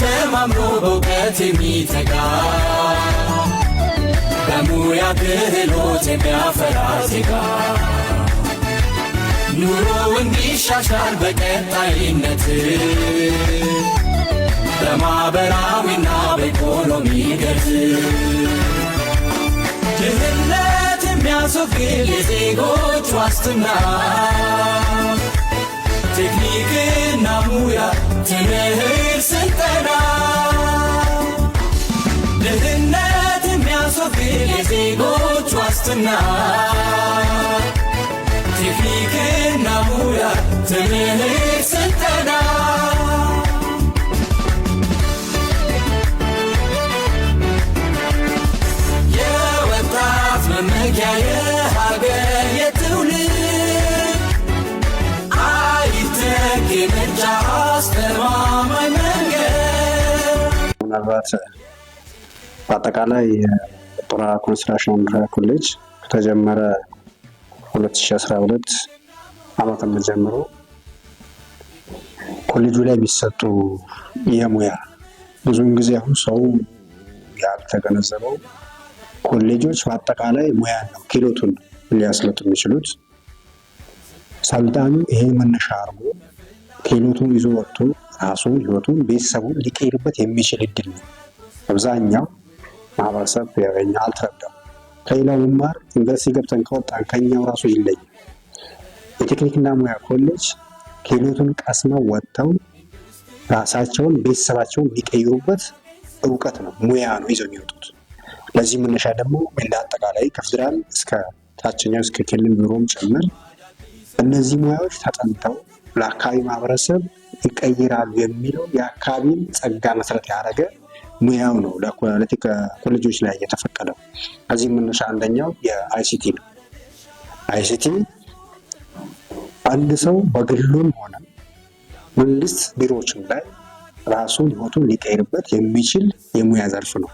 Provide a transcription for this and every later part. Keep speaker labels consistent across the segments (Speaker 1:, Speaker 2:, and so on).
Speaker 1: ተማምኖ በእውቀት የሚተጋ በሙያ ክህሎት የሚያፈራ ዜጋ ኑሮ እንዲሻሻል በቀጣይነት በማኅበራዊና በኢኮኖሚ ገዝ ድህነት የሚያስወግድ የዜጎች ዋስትና ቴክኒክና ሙያ ትምህርት የእግር ስልጠና ድህነት የሚያስወግድ የዜጎች ዋስትና ቴክኒክና ሙያ ትምህርት ስልጠና
Speaker 2: ምናልባት በአጠቃላይ የጦራ ኮንስትራክሽን ኮሌጅ ከተጀመረ 2012 ዓመተ ምህረት ጀምሮ ኮሌጁ ላይ የሚሰጡ የሙያ ብዙውን ጊዜ አሁን ሰው ያልተገነዘበው ኮሌጆች በአጠቃላይ ሙያ ነው፣ ኪሎቱን ሊያስለጡ የሚችሉት ሰልጣኑ ይሄ መነሻ አርጎ ክህሎቱን ይዞ ወጥቶ ራሱን፣ ህይወቱን፣ ቤተሰቡን ሊቀይርበት የሚችል እድል ነው። አብዛኛው ማህበረሰብ ያገኘ አልተረዳም። ከሌላው መማር ዩኒቨርሲቲ ገብተን ከወጣን ከኛው ራሱ ይለያል። የቴክኒክና ሙያ ኮሌጅ ክህሎቱን ቀስመው ወጥተው ራሳቸውን ቤተሰባቸውን ሊቀይሩበት እውቀት ነው፣ ሙያ ነው ይዘው የሚወጡት። ለዚህ መነሻ ደግሞ እንደ አጠቃላይ ከፌደራል እስከ ታችኛው እስከ ክልል ቢሮም ጭምር እነዚህ ሙያዎች ተጠንተው ለአካባቢ ማህበረሰብ ይቀይራሉ የሚለው የአካባቢን ጸጋ መሰረት ያደረገ ሙያው ነው ኮሌጆች ላይ የተፈቀደው። ከዚህ መነሻ አንደኛው የአይሲቲ ነው። አይሲቲ አንድ ሰው በግሉም ሆነ መንግስት ቢሮዎችም ላይ ራሱን ህይወቱን ሊቀይርበት የሚችል የሙያ ዘርፍ ነው።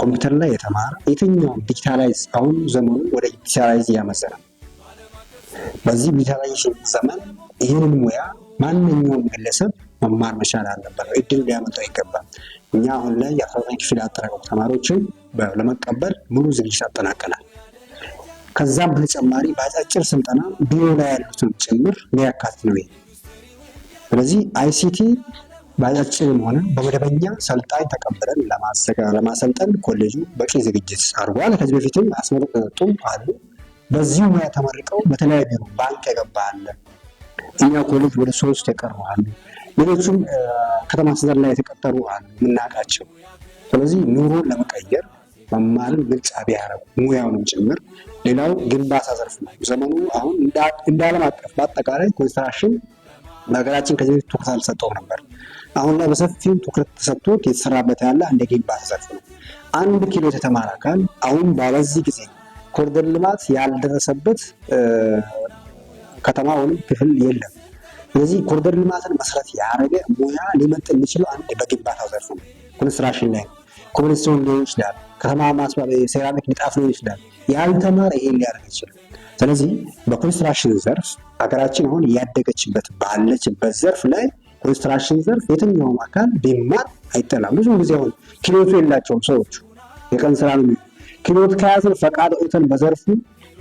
Speaker 2: ኮምፒውተር ላይ የተማረ የትኛውም ዲጂታላይዝ አሁን ዘመኑ ወደ ዲጂታላይዝ እያመዘነ ነው። በዚህ ዲጂታላይዜሽን ዘመን ይህንን ሙያ ማንኛውም ግለሰብ መማር መቻል አለበት፣ ነው እድል ሊያመጣው ይገባል። እኛ አሁን ላይ የአስራዘጠኝ ክፍል ያጠናቀቁ ተማሪዎችን ለመቀበል ሙሉ ዝግጅት አጠናቀናል። ከዛም በተጨማሪ በአጫጭር ስልጠና ቢሮ ላይ ያሉትን ጭምር ሊያካት ነው። ስለዚህ አይሲቲ በአጫጭርም ሆነ በመደበኛ ሰልጣኝ ተቀብለን ለማሰልጠን ኮሌጁ በቂ ዝግጅት አድርጓል። ከዚህ በፊትም አስመረጡ አሉ። በዚሁ ሙያ ተመርቀው በተለያዩ ነው ባንክ የገባ አለ፣ እኛ ኮሌጅ ወደ ሶስት የቀሩ አሉ፣ ሌሎቹም ከተማ ስዘር ላይ የተቀጠሩ አሉ የምናውቃቸው። ስለዚህ ኑሮን ለመቀየር መማርን ምርጫ ቢያረጉ ሙያውንም ጭምር። ሌላው ግንባታ ዘርፍ ነው። ዘመኑ አሁን እንደ ዓለም አቀፍ በአጠቃላይ ኮንስትራክሽን በሀገራችን ከዚህ በፊት ትኩረት አልተሰጠውም ነበር። አሁን ላይ በሰፊው ትኩረት ተሰጥቶት የተሰራበት ያለ እንደ ግንባታ ዘርፍ ነው። አንድ ኪሎ የተማረ አካል አሁን ባለዚህ ጊዜ ኮሪደር ልማት ያልደረሰበት ከተማ ወይም ክፍል የለም። ስለዚህ ኮሪደር ልማትን መሰረት ያደረገ ሙያ ሊመጥ የሚችለው አንድ በግንባታው ዘርፍ ነው። ኮንስትራክሽን ላይ ኮብልስቶን ሊሆን ይችላል፣ ከተማ ማስዋብ፣ ሴራሚክ ንጣፍ ሊሆን ይችላል። ያልተማረ ይሄን ሊያደርግ ይችላል። ስለዚህ በኮንስትራክሽን ዘርፍ ሀገራችን አሁን እያደገችበት ባለችበት ዘርፍ ላይ ኮንስትራክሽን ዘርፍ የትኛውም አካል ቢማር አይጠላም። ብዙ ጊዜ አሁን ክህሎቱ የላቸውም ሰዎቹ የቀን ስራ ነው ክህሎት ከያዝን ፈቃድ ኦተን በዘርፉ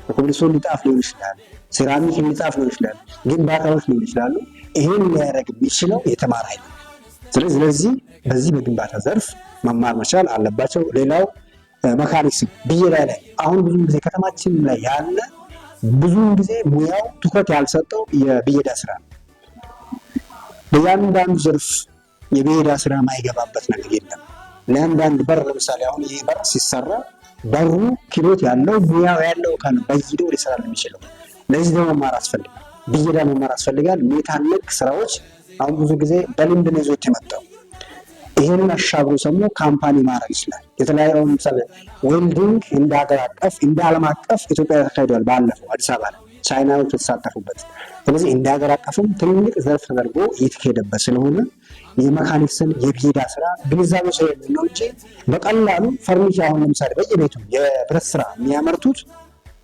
Speaker 2: በኮብልስቶን ሊጣፍ ሊሆን ይችላል፣ ሴራሚክ ሊጣፍ ሊሆን ይችላል፣ ግንባታዎች ሊሆን ይችላሉ። ይህን ሊያደርግ የሚችለው የተማረ ኃይል ነው። ስለዚህ በዚህ በግንባታ ዘርፍ መማር መቻል አለባቸው። ሌላው መካኒክስ ብየዳ ላይ አሁን ብዙ ጊዜ ከተማችን ላይ ያለ ብዙውን ጊዜ ሙያው ትኩረት ያልሰጠው የብየዳ ስራ ነው። በእያንዳንዱ ዘርፍ የብየዳ ስራ ማይገባበት ነገር የለም። ለአንዳንድ በር ለምሳሌ አሁን ይህ በር ሲሰራ በሩ ክህሎት ያለው ሙያው ያለው ካለ በይደ ወደ ስራ የሚችለው። ለዚህ ደግሞ መማር አስፈልጋል፣ ብየዳ መማር አስፈልጋል። ሜታነክ ስራዎች አሁን ብዙ ጊዜ በልምድ ነው ይዞት የመጣው። ይህንን አሻግሮ ሰሞ ካምፓኒ ማድረግ ይችላል። የተለያዩ ምሳሌ ዌልዲንግ እንደ ሀገር አቀፍ እንደ ዓለም አቀፍ ኢትዮጵያ ተካሂደዋል። ባለፈው አዲስ አበባ ላይ ቻይናዎች የተሳተፉበት። ስለዚህ እንደ ሀገር አቀፍም ትልቅ ዘርፍ ተደርጎ እየተሄደበት ስለሆነ የመካኒክስን የፒዳ ስራ ግንዛቤ ስ ነው እንጂ በቀላሉ ፈርኒቸር አሁን ለምሳሌ በየቤቱ የብረት ስራ የሚያመርቱት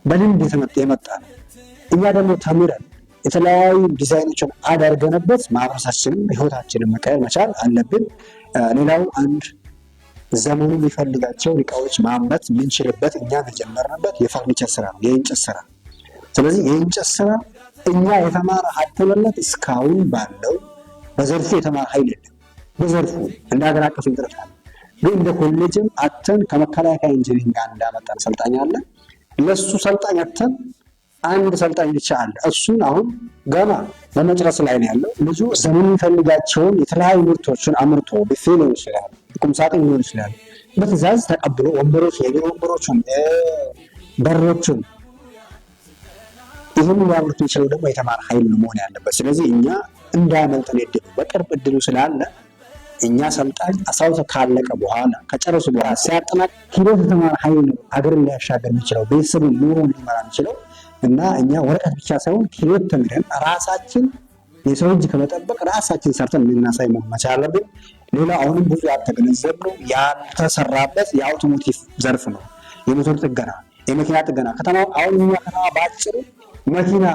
Speaker 2: በልምድ የመጣ ነው። እኛ ደግሞ ተምረን የተለያዩ ዲዛይኖችን አደርገንበት ማህበረሰባችንም ህይወታችንን መቀየር መቻል አለብን። ሌላው አንድ ዘመኑ የሚፈልጋቸውን እቃዎች ማምረት የምንችልበት እኛ የጀመርንበት የፈርኒቸር ስራ ነው፣ የእንጨት ስራ። ስለዚህ የእንጨት ስራ እኛ የተማረ ሀተመለት እስካሁን ባለው በዘርፉ የተማረ ኃይል የለም። በዘርፉ እንደ ሀገር አቀፍ ጥረት ግን እንደ ኮሌጅም አተን ከመከላከያ ኢንጂኒሪንግ ጋር እንዳመጣን ሰልጣኝ አለ። ለሱ ሰልጣኝ አተን አንድ ሰልጣኝ ብቻ አለ። እሱን አሁን ገና በመጨረስ ላይ ነው ያለው። ልጁ ዘመኑ የሚፈልጋቸውን የተለያዩ ምርቶችን አምርቶ ብፌ ሊሆን ይችላል፣ ቁምሳጥን ሊሆን ይችላል። በትእዛዝ ተቀብሎ ወንበሮች፣ የቢሮ ወንበሮችን፣ በሮችን ይህን ሊያምርቱ የሚችለው ደግሞ የተማረ ኃይል ነው መሆን ያለበት። ስለዚህ እኛ እንዳያመልጠን እድሉ በቅርብ እድሉ ስላለ እኛ ሰልጣኝ አስታውሰ ካለቀ በኋላ ከጨረሱ በኋላ ሲያጠናቅ ሂደት የተማረ ኃይል ነው ሀገርን ሊያሻገር የሚችለው ቤተሰቡን ኑሮውን ሊመራ የሚችለው እና እኛ ወረቀት ብቻ ሳይሆን ሂደት ተምረን ራሳችን የሰው እጅ ከመጠበቅ ራሳችን ሰርተን የምናሳይ መመቻ አለብን። ሌላ አሁንም ብዙ ያልተገነዘብነው ያልተሰራበት የአውቶሞቲቭ ዘርፍ ነው። የሞተር ጥገና፣ የመኪና ጥገና ከተማ አሁን ከተማ በአጭሩ መኪና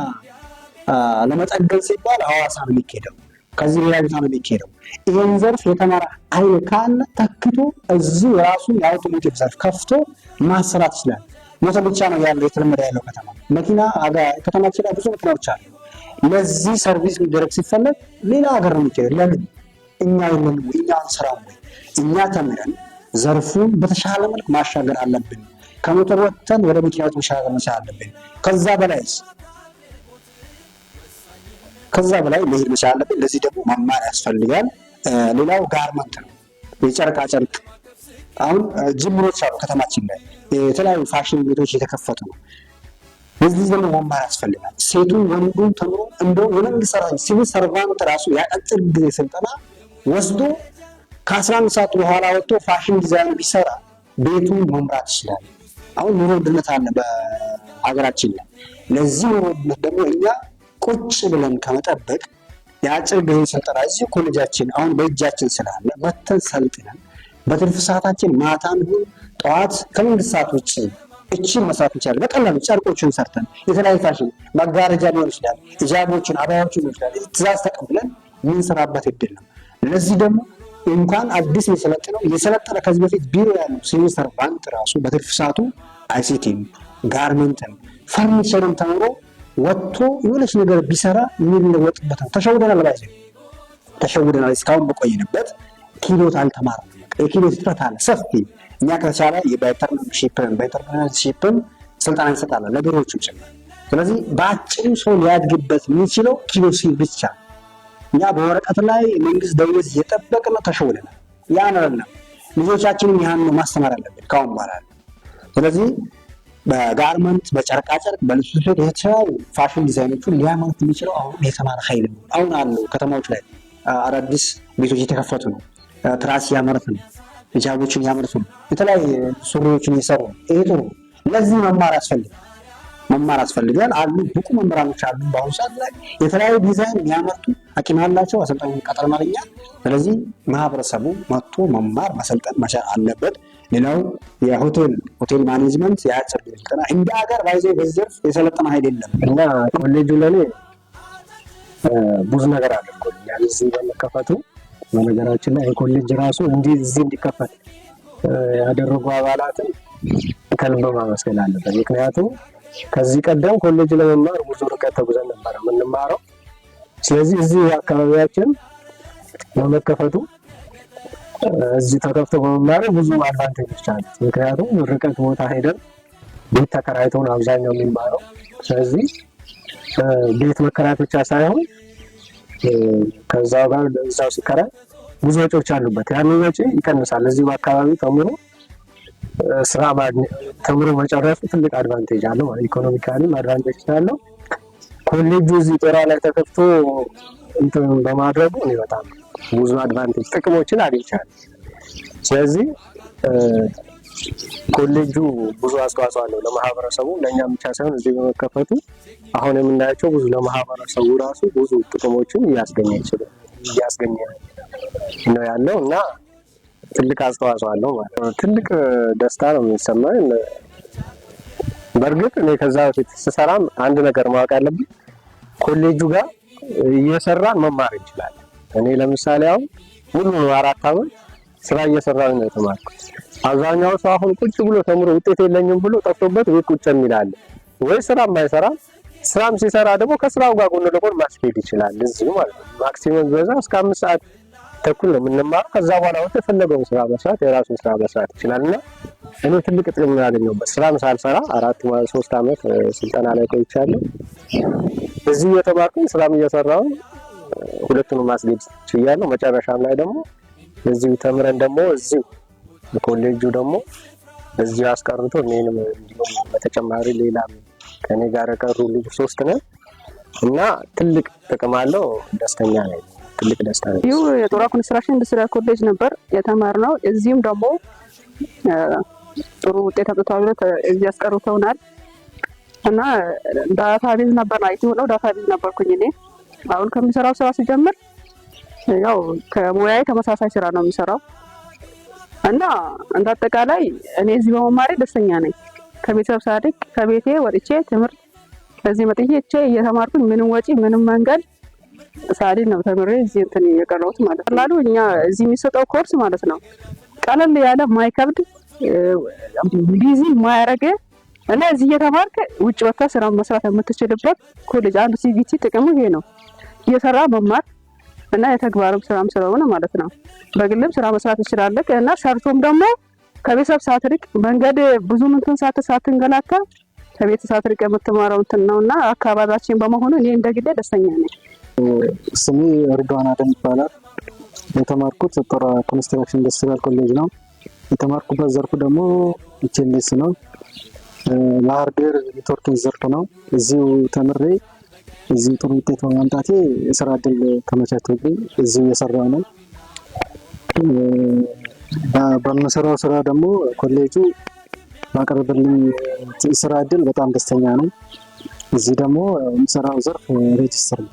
Speaker 2: ለመጠገን ሲባል ሐዋሳ ነው የሚካሄደው። ከዚህ ሌላ ቦታ ነው የሚካሄደው። ይህን ዘርፍ የተማረ ኃይል ካለ ተክቶ እዚህ ራሱን የአውቶሞቲቭ ዘርፍ ከፍቶ ማሰራት ይችላል። ሞተር ብቻ ነው ያለው የተለመደ ያለው ከተማ መኪና ከተማችን ላይ ብዙ መኪናዎች አሉ። ለዚህ ሰርቪስ ሊደረግ ሲፈለግ ሌላ ሀገር ነው የሚካሄደው። ለምን እኛ የለን ወይ? እኛ አንሰራም ወይ? እኛ ተምረን ዘርፉን በተሻለ መልክ ማሻገር አለብን። ከሞተር ወጥተን ወደ መኪናዎች መሻገር መቻል አለብን። ከዛ በላይስ ከዛ በላይ መሄድ መቻል አለብን። ለዚህ ደግሞ መማር ያስፈልጋል። ሌላው ጋርመንት ነው፣ የጨርቃ ጨርቅ። አሁን ጅምሮች አሉ ከተማችን ላይ የተለያዩ ፋሽን ቤቶች የተከፈቱ ነው። በዚህ ደግሞ መማር ያስፈልጋል። ሴቱ ወንዱ ተምሮ እንደ የመንግስት ሰራተኛ ሲቪል ሰርቫንት ራሱ የአጭር ጊዜ ስልጠና ወስዶ ከአስራ አንድ ሰዓት በኋላ ወጥቶ ፋሽን ዲዛይን ቢሰራ ቤቱን መምራት ይችላል። አሁን ኑሮ ውድነት አለ በሀገራችን ላይ። ለዚህ ኑሮ ውድነት ደግሞ እኛ ቁጭ ብለን ከመጠበቅ የአጭር ጊዜ ስልጠና እዚሁ ኮሌጃችን አሁን በእጃችን ስላለ መተን ሰልጥነን በትርፍ ሰዓታችን ማታም ይሁን ጠዋት ከመንግስት ሰዓት ውጭ እቺ መስራት ይቻላል። በቀላሉ ጨርቆችን ሰርተን የተለያዩ ፋሽን መጋረጃ ሊሆን ይችላል፣ ሂጃቦችን፣ አባያዎችን ሊሆን ይችላል ትእዛዝ ተቀብለን የምንሰራበት እድል ነው። ለዚህ ደግሞ እንኳን አዲስ የሰለጠነው የሰለጠነ ከዚህ በፊት ቢሮ ያሉ ሲኒስተር ባንክ ራሱ በትርፍ ሰዓቱ አይሲቲም፣ ጋርመንትን ፈርኒቸርም ተምሮ ወጥቶ የሆነች ነገር ቢሰራ የሚለወጥበት ነው። ተሸውደናል ባይ ተሸውደናል። እስካሁን በቆይንበት ኪሎት አልተማርም። የኪሎት እጥረት አለ ሰፊ። እኛ ከተቻለ የባይተርሺፕን ባይተርሺፕን ስልጠና እንሰጣለን ለቢሮዎችም ጭምር። ስለዚህ በአጭሩ ሰው ሊያድግበት የሚችለው ኪሎ ሲል ብቻ። እኛ በወረቀት ላይ መንግስት ደውለት እየጠበቅ ነው። ተሸውደናል። ያን ልጆቻችንም ያን ነው ማስተማር አለብን ካሁን በኋላ ስለዚህ በጋርመንት በጨርቃጨርቅ በልብስ ስፌት የተለያዩ ፋሽን ዲዛይኖቹን ሊያመርት የሚችለው አሁን የተማረ ኃይል ነው። አሁን አሉ ከተማዎች ላይ አዳዲስ ቤቶች የተከፈቱ ነው። ትራስ ያመርት ነው። ሂጃቦችን ያመርቱ ነው። የተለያዩ ሱሪዎችን የሰሩ ነው። ይሄ ጥሩ። ለዚህ መማር ያስፈልጋል፣ መማር ያስፈልጋል። አሉ ብቁ መምህራኖች አሉ። በአሁኑ ሰዓት ላይ የተለያዩ ዲዛይን የሚያመርቱ አቂም አላቸው፣ አሰልጣኝ ቀጥረናል እኛ። ስለዚህ ማህበረሰቡ መጥቶ መማር ማሰልጠን መቻል አለበት። ሌላው የሆቴል ሆቴል ማኔጅመንት የአጭር ጊዜ ስልጠና እንደ ሀገር ባይዞ በዘርፍ የሰለጠነ ሀይል የለም እና ኮሌጁ ለኔ ብዙ ነገር አድርጎልኛል። እዚህ በመከፈቱ በነገራችን ላይ ኮሌጅ ራሱ እንዲህ እዚህ እንዲከፈት ያደረጉ አባላትን ከልብ ማመስገን አለበት። ምክንያቱም ከዚህ ቀደም ኮሌጅ ለመማር ብዙ ርቀት ተጉዘን ነበረ የምንማረው ስለዚህ እዚህ አካባቢያችን በመከፈቱ እዚህ ተከፍቶ በመማር ብዙ አድቫንቴጆች አሉ። ምክንያቱም ርቀት ቦታ ሄደን ቤት ተከራይተውን አብዛኛው የሚማረው ስለዚህ ቤት መከራየት ብቻ ሳይሆን ከዛው ጋር እዛው ሲከራይ ብዙ ወጪዎች አሉበት። ያንን ወጪ ይቀንሳል። እዚህ በአካባቢ ተምሮ ስራ ተምሮ መጨረሱ ትልቅ አድቫንቴጅ አለው። ኢኮኖሚካሊም አድቫንቴጅ ስላለው ኮሌጁ እዚህ ጦራ ላይ ተከፍቶ እንትን በማድረጉ እኔ በጣም ብዙ አድቫንቴጅ ጥቅሞችን አግኝቻለሁ። ስለዚህ ኮሌጁ ብዙ አስተዋጽኦ አለው ለማህበረሰቡ፣ ለእኛ ብቻ ሳይሆን እዚህ በመከፈቱ አሁን የምናያቸው ብዙ ለማህበረሰቡ ራሱ ብዙ ጥቅሞችን እያስገኘ ይችላል እያስገኘ ነው ያለው እና ትልቅ አስተዋጽኦ አለው ማለት ነው። ትልቅ ደስታ ነው የሚሰማኝ። በእርግጥ እኔ ከዛ በፊት ስሰራም አንድ ነገር ማወቅ ያለብን ኮሌጁ ጋር እየሰራን መማር እንችላለን። እኔ ለምሳሌ አሁን ሙሉ አራት አመት ስራ እየሰራን ነው የተማርኩት። አብዛኛው ሰው አሁን ቁጭ ብሎ ተምሮ ውጤት የለኝም ብሎ ጠፍቶበት ቤት ቁጭ የሚላለ ወይ ስራ አይሰራም። ስራም ሲሰራ ደግሞ ከስራው ጋር ጎን ለጎን ማስኬድ ይችላል። እዚህ ማለት ነው ማክሲመም በዛ እስከ አምስት ሰዓት ተኩል ነው የምንማረው። ከዛ በኋላ ወጥ የፈለገውን ስራ መስራት የራሱን ስራ መስራት ይችላል እና እኔ ትልቅ ጥቅም ያገኘሁበት ስራም ሳልሰራ አራት ሶስት አመት ስልጠና ላይ ቆይቻለሁ። እዚህ እየተማርኩኝ ስራም እየሰራው ሁለቱንም ማስጌድ ችያለሁ። መጨረሻም ላይ ደግሞ እዚሁ ተምረን ደግሞ እዚሁ ኮሌጁ ደግሞ እዚሁ አስቀርቶ እኔንም እንዲሁም በተጨማሪ ሌላም ከእኔ ጋር የቀሩ ልጅ ሶስት ነን እና ትልቅ ጥቅም አለው። ደስተኛ ነኝ። ትልቅ ደስታ ነው።
Speaker 3: ይሁ የጦራ ኮንስትራክሽን ኢንዱስትሪ ኮሌጅ ነበር የተማርነው። እዚህም ደግሞ ጥሩ ውጤት አምጥተዋል ብለው እዚህ ያስቀሩተውናል እና ዳታ ቤዝ ነበር ነው አይቲ ሆነው ቤዝ ነበርኩኝ እኔ። አሁን ከሚሰራው ስራ ሲጀምር ያው ከሙያዬ ተመሳሳይ ስራ ነው የሚሰራው እና እንደ አጠቃላይ እኔ እዚህ በመማሬ ደስተኛ ነኝ። ከቤተሰብ ሳድግ ከቤቴ ወጥቼ ትምህርት ከዚህ መጥቼ እየተማርኩኝ ምንም ወጪ ምንም መንገድ ሳሊ ነው ተምሬ እዚህ እንትን የቀረሁት ማለት ነው። ላሉ እኛ እዚህ የሚሰጠው ኮርስ ማለት ነው ቀለል ያለ ማይከብድ ቢዚ ማያረገ እና እዚህ እየተማርክ ውጭ ወጥተህ ስራ መስራት የምትችልበት ኮሌጅ አንዱ ሲቪቲ ጥቅሙ ይሄ ነው። እየሰራ መማር እና የተግባርም ስራም ስለሆነ ማለት ነው። በግልም ስራ መስራት ትችላለህ እና ሰርቶም ደግሞ ከቤተሰብ ሳትርቅ መንገድ ብዙ ምንትን ሳት ሳትንገላታ ከቤተሰብ ሳትርቅ የምትማረው እንትን ነው እና አካባቢያችን በመሆኑ እኔ እንደግዴ ደስተኛ ነኝ።
Speaker 2: ስሜ ርድዋን አደም ይባላል። የተማርኩት ጦር ኮንስትራክሽን ኢንዱስትሪያል ኮሌጅ ነው። የተማርኩበት ዘርፉ ደግሞ ኬሚስ ነው። ለሃርድዌር ኔትወርኪንግ ዘርፍ ነው። እዚሁ ተምሬ እዚሁ ጥሩ ውጤት በማምጣቴ ስራ እድል ተመቻችቶብኝ እዚሁ እየሰራ ነው። በምሰራው ስራ ደግሞ ኮሌጁ ባቀረበልኝ ስራ እድል በጣም ደስተኛ ነው። እዚህ ደግሞ የምሰራው ዘርፍ ሬጅስተር ነው።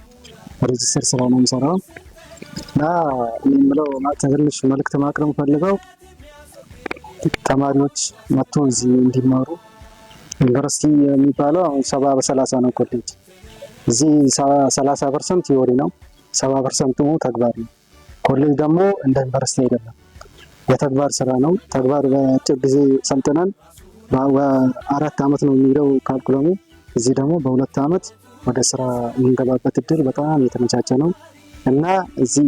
Speaker 2: ሬጅስተር ስራ ነው የምሰራው እና የምለው ትንሽ መልእክት ማቅረብ ፈልገው ተማሪዎች መጥቶ እዚህ እንዲማሩ ዩኒቨርሲቲ የሚባለው አሁን ሰባ በሰላሳ ነው ኮሌጅ እዚህ ሰላሳ ፐርሰንት ቲዎሪ ነው፣ ሰባ ፐርሰንት ደግሞ ተግባር ነው። ኮሌጅ ደግሞ እንደ ዩኒቨርሲቲ አይደለም፣ የተግባር ስራ ነው። ተግባር በአጭር ጊዜ ሰልጥነን አራት አመት ነው የሚለው ካልኩለሙ፣ እዚህ ደግሞ በሁለት አመት ወደ ስራ የምንገባበት እድል በጣም የተመቻቸ ነው እና እዚህ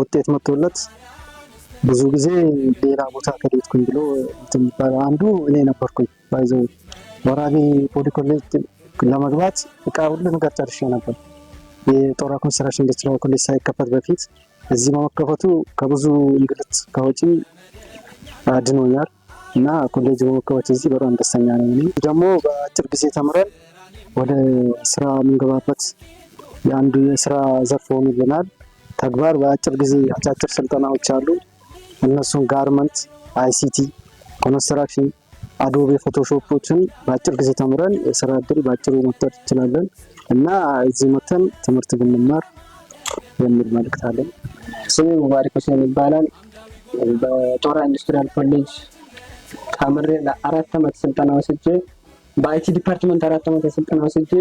Speaker 2: ውጤት መጥቶለት ብዙ ጊዜ ሌላ ቦታ ከሌትኩኝ ብሎ የሚባለው አንዱ እኔ ነበርኩኝ። ባይዘው ወራቤ ፖሊ ኮሌጅ ለመግባት እቃ ሁሉ ነገር ጨርሼ ነበር። የጦራ ኮንስትራክሽን ኢንዱስትሪያል ኮሌጅ ሳይከፈት በፊት እዚህ በመከፈቱ ከብዙ እንግልት ከውጪ አድኖኛል እና ኮሌጅ በመከፈት እዚህ በጣም ደስተኛ ነው። ደግሞ በአጭር ጊዜ ተምረን ወደ ስራ የምንገባበት የአንዱ የስራ ዘርፍ ሆኑ ተግባር በአጭር ጊዜ አጫጭር ስልጠናዎች አሉ። እነሱን ጋርመንት፣ አይሲቲ፣ ኮንስትራክሽን፣ አዶቤ ፎቶሾፖችን በአጭር ጊዜ ተምረን የስራ እድል በአጭሩ መፍጠር እንችላለን እና እዚህ መተን ትምህርት ብንማር የሚል መልእክት አለን። ስሜ ሙባሪክ ሁሴን ይባላል። በጦራ ኢንዱስትሪያል ኮሌጅ ተምሬ ለአራት ዓመት ስልጠና ወስጄ በአይቲ ዲፓርትመንት አራት ዓመት ስልጠና ወስጄ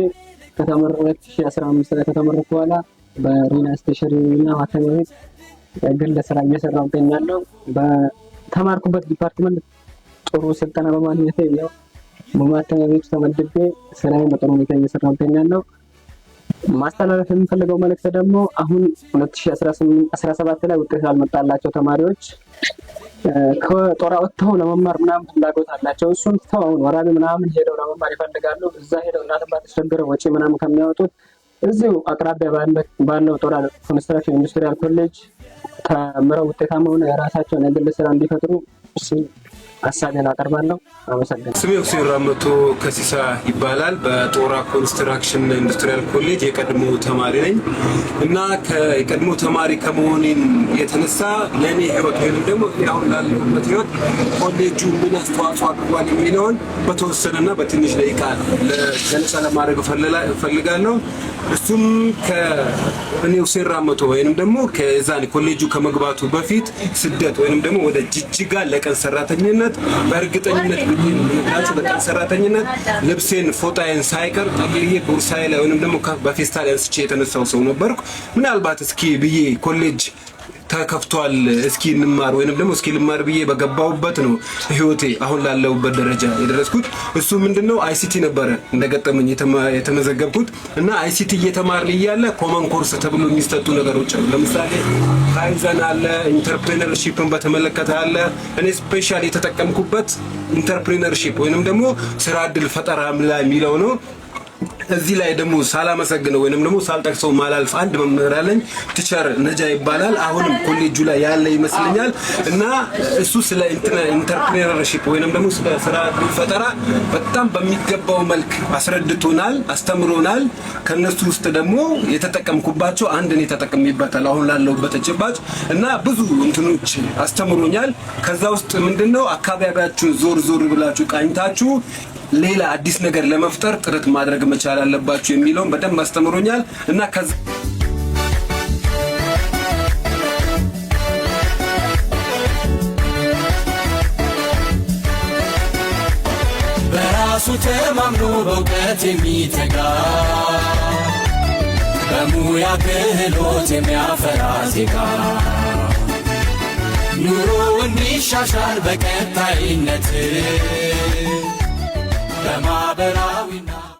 Speaker 2: ከተመረኩ 2015 ላይ ከተመረኩ በኋላ በሪና ስቴሽን እና ማተሚያ ቤት ግል ስራ እየሰራሁ እገኛለሁ። በተማርኩበት ዲፓርትመንት ጥሩ ስልጠና በማግኘት ያው በማተሚያ ቤቱ ተመድቤ ስራዬን በጥሩ ሁኔታ እየሰራሁ እገኛለሁ። ማስተላለፍ የምፈልገው መልእክት ደግሞ አሁን 2017 ላይ ውጤት ላልመጣላቸው ተማሪዎች ከጦር ወጥተው ለመማር ምናምን ፍላጎት አላቸው። እሱን ትተው አሁን ወራቢ ምናምን ሄደው ለመማር ይፈልጋሉ። እዛ ሄደው እናት አባት ተቸግረው ወጪ ምናምን ከሚያወጡት እዚሁ አቅራቢያ ባለው ጦር ኮንስትራክሽን ኢንዱስትሪያል ኮሌጅ ተምረው ውጤታማ ሆነው የራሳቸውን የግል ስራ እንዲፈጥሩ ሀሳቤን አቀርባለሁ።
Speaker 4: አመሰግናለሁ። ስሜ ሁሴን ራመቶ ከሲሳ ይባላል። በጦራ ኮንስትራክሽን ኢንዱስትሪያል ኮሌጅ የቀድሞ ተማሪ ነኝ እና የቀድሞ ተማሪ ከመሆኔን የተነሳ ለእኔ ህይወት ወይም ደግሞ አሁን ላለሁበት ህይወት ኮሌጁ ምን አስተዋጽኦ አድርጓል የሚለውን በተወሰነና በትንሽ ደቂቃ ገለጻ ለማድረግ እፈልጋለሁ። እሱም ከእኔው ሴራ መቶ ወይንም ደግሞ ከዛን ኮሌጁ ከመግባቱ በፊት ስደት ወይንም ደግሞ ወደ ጅጅጋ ለቀን ሰራተኝነት በእርግጠኝነት ብላችሁ ለቀን ሰራተኝነት ልብሴን ፎጣዬን ሳይቀር ጠቅልዬ ቦርሳዬ ላይ ወይንም ደግሞ በፌስታል አንስቼ የተነሳው ሰው ነበርኩ። ምናልባት እስኪ ብዬ ኮሌጅ ተከፍቷል። እስኪ እንማር ወይንም ደግሞ እስኪ ልማር ብዬ በገባሁበት ነው ህይወቴ አሁን ላለሁበት ደረጃ የደረስኩት። እሱ ምንድነው አይሲቲ ነበረ እንደገጠመኝ የተመዘገብኩት እና አይሲቲ እየተማርን እያለ ኮመን ኮርስ ተብሎ የሚሰጡ ነገሮች አሉ። ለምሳሌ ካይዘን አለ፣ ኢንተርፕሪነርሺፕን በተመለከተ አለ። እኔ ስፔሻል የተጠቀምኩበት ኢንተርፕሪነርሺፕ ወይንም ደግሞ ስራ እድል ፈጠራ ላይ የሚለው ነው። እዚህ ላይ ደግሞ ሳላመሰግነው ወይንም ደግሞ ሳልጠቅሰው ማላልፍ አንድ መምህር አለኝ፣ ቲቸር ነጃ ይባላል። አሁንም ኮሌጁ ላይ ያለ ይመስለኛል እና እሱ ስለ ኢንተርፕሬነርሺፕ ወይንም ደግሞ ስለ ስራ ፈጠራ በጣም በሚገባው መልክ አስረድቶናል፣ አስተምሮናል። ከነሱ ውስጥ ደግሞ የተጠቀምኩባቸው አንድ እኔ ተጠቅሜበታል አሁን ላለሁበት ተጨባጭ እና ብዙ እንትኖች አስተምሮኛል። ከዛ ውስጥ ምንድነው አካባቢያችሁን ዞር ዞር ብላችሁ ቃኝታችሁ ሌላ አዲስ ነገር ለመፍጠር ጥረት ማድረግ መቻል አለባችሁ የሚለውን በደንብ አስተምሮኛል እና
Speaker 1: በራሱ ተማምኖ በእውቀት የሚተጋ በሙያ ክህሎት የሚያፈራ ዜጋ ኑሮ እንዲሻሻል በቀጣይነት በማኅበራዊና